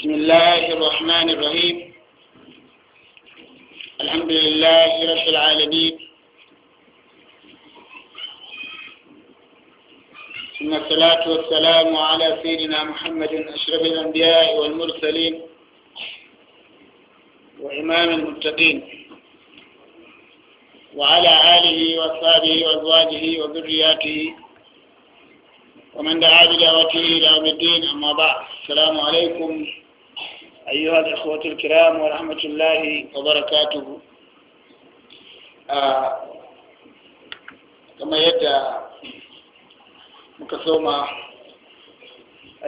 بسم الله الرحمن الرحيم الحمد لله رب العالمين ثم الصلاة والسلام على سيدنا محمد أشرف الأنبياء والمرسلين وإمام المتقين وعلى آله وأصحابه وأزواجه وذرياته ومن دعا بدعوته إلى يوم الدين أما بعد السلام عليكم أيها الإخوة الكرام ورحمة الله وبركاته yadda muka soma مكسومة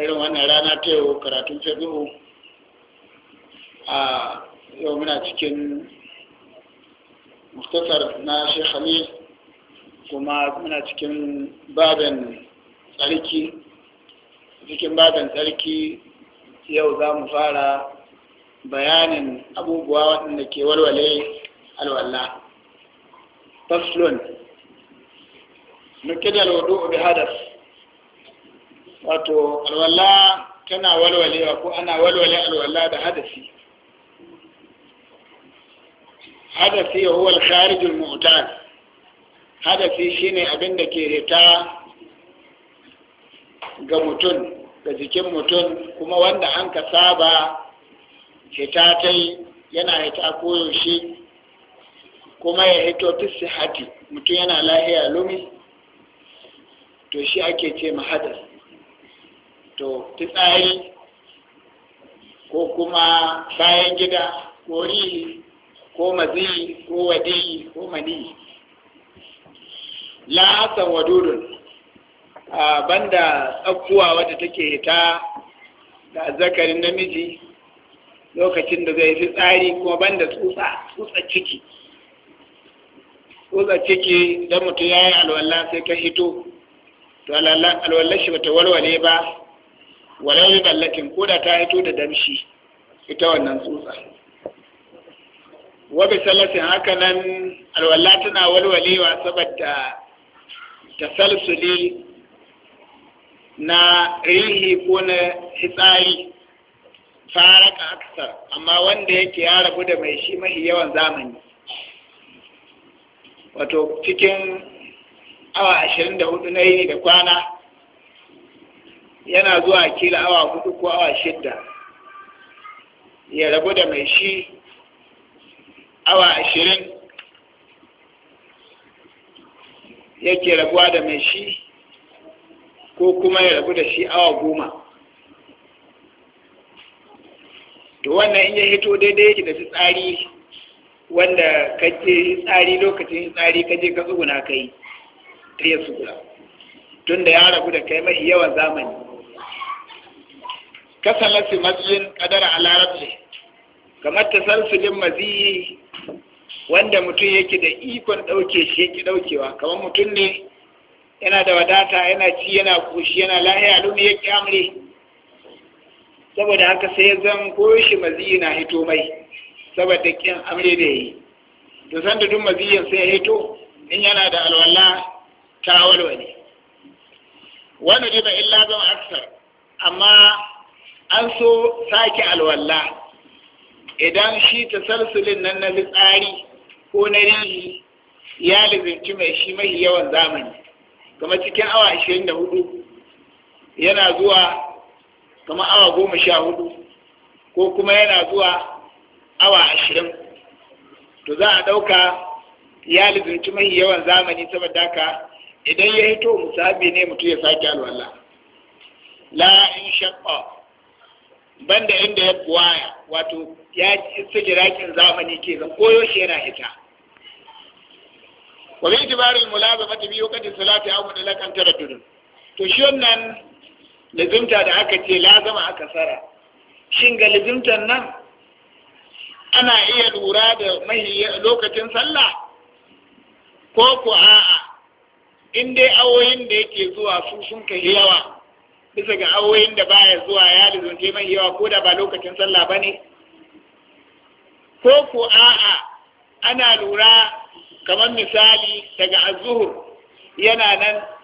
irin wannan rana ta yau karatun fiƙihu a yau muna cikin muktasar na shekh khalil kuma muna cikin babin cikin babin tsarki yau za mu fara bayanin abubuwa waɗanda ke walwale alwalla faslon nuke da lodo bi hadas wato alwalla tana walwalewa ko ana walwale alwalla da hadasi hadasi huwa alkharijin kharij al hadasi shi abin da ke reta ga mutum da jikin mutum kuma wanda an ka saba hita ta yi yana hita koyaushe kuma ya hito tussi hati mutum yana lahiya lumi to shi ake ce mahadar to tsari ko kuma bayan gida ko rihi ko mazi ko wadi ko mani la asan wadudun A banda tsakkuwa wadda take ta da zakarin namiji lokacin da zai fi tsari kuma banda tsutsa tsutsa ciki tsutsa ciki don mutum ya yi alwallah sai ka hito to alwallar shi bata warware ba walau yi ballatin koda ta hito da damshi ita wannan tsutsa wabi salasin haka nan alwala tana walwalewa saboda ta salsuli na rihi ko na hitsari faraka aksar amma wanda yake ya rabu da mai shi mahi yawan zamani wato cikin awa ashirin da hudu na yini da kwana yana zuwa kila awa hudu ko awa shidda ya rabu da mai shi awa ashirin yake rabuwa da mai shi ko kuma ya rabu da shi awa goma to wannan in ya hito daidai yake da tsari wanda kaje tsari lokacin tsari kaje ka tsuguna kai ta ya tsuguna tun da ya rabu da kai mai yawan zamani kasalasi matsayin kadara a larabci kamar ta tasalsulin maziyi wanda mutum yake da ikon ɗauke shi yake ɗaukewa kamar mutum ne yana da wadata yana ci yana kushi yana lahiya lumi yake amri saboda haka sai ya zan koshi maziyi na hito mai saboda kin amre da yi to san da duk maziyin sai ya hito in yana da alwala ta walwali wani riba illa zan aksar amma an so sake alwala idan shi ta salsulin nan na litsari ko na rihi ya lizinci mai shi mai yawan zamani kamar cikin awa ashirin da yana zuwa kamar awa goma sha hudu ko kuma yana zuwa awa ashirin to za a ɗauka ya lizinci mahi yawan zamani saboda haka idan ya hito musabi ne mutum ya sake alwala la in banda inda ya buwaya wato ya sujira zamani ke zan koyo shi yana hita wa bi itibaril mulazamati bi waqti salati lakan tara taraddud to shi wannan lazimta da aka ce lazama aka sara shin ga lazimtan nan ana iya lura da mahi lokacin sallah ko ko a'a in dai awoyin da yake zuwa su sun kai yawa bisa ga awoyin da baya zuwa ya lizunce mai yawa ko da ba lokacin sallah ba ne ko ko a'a ana lura kamar misali daga azuhur yana nan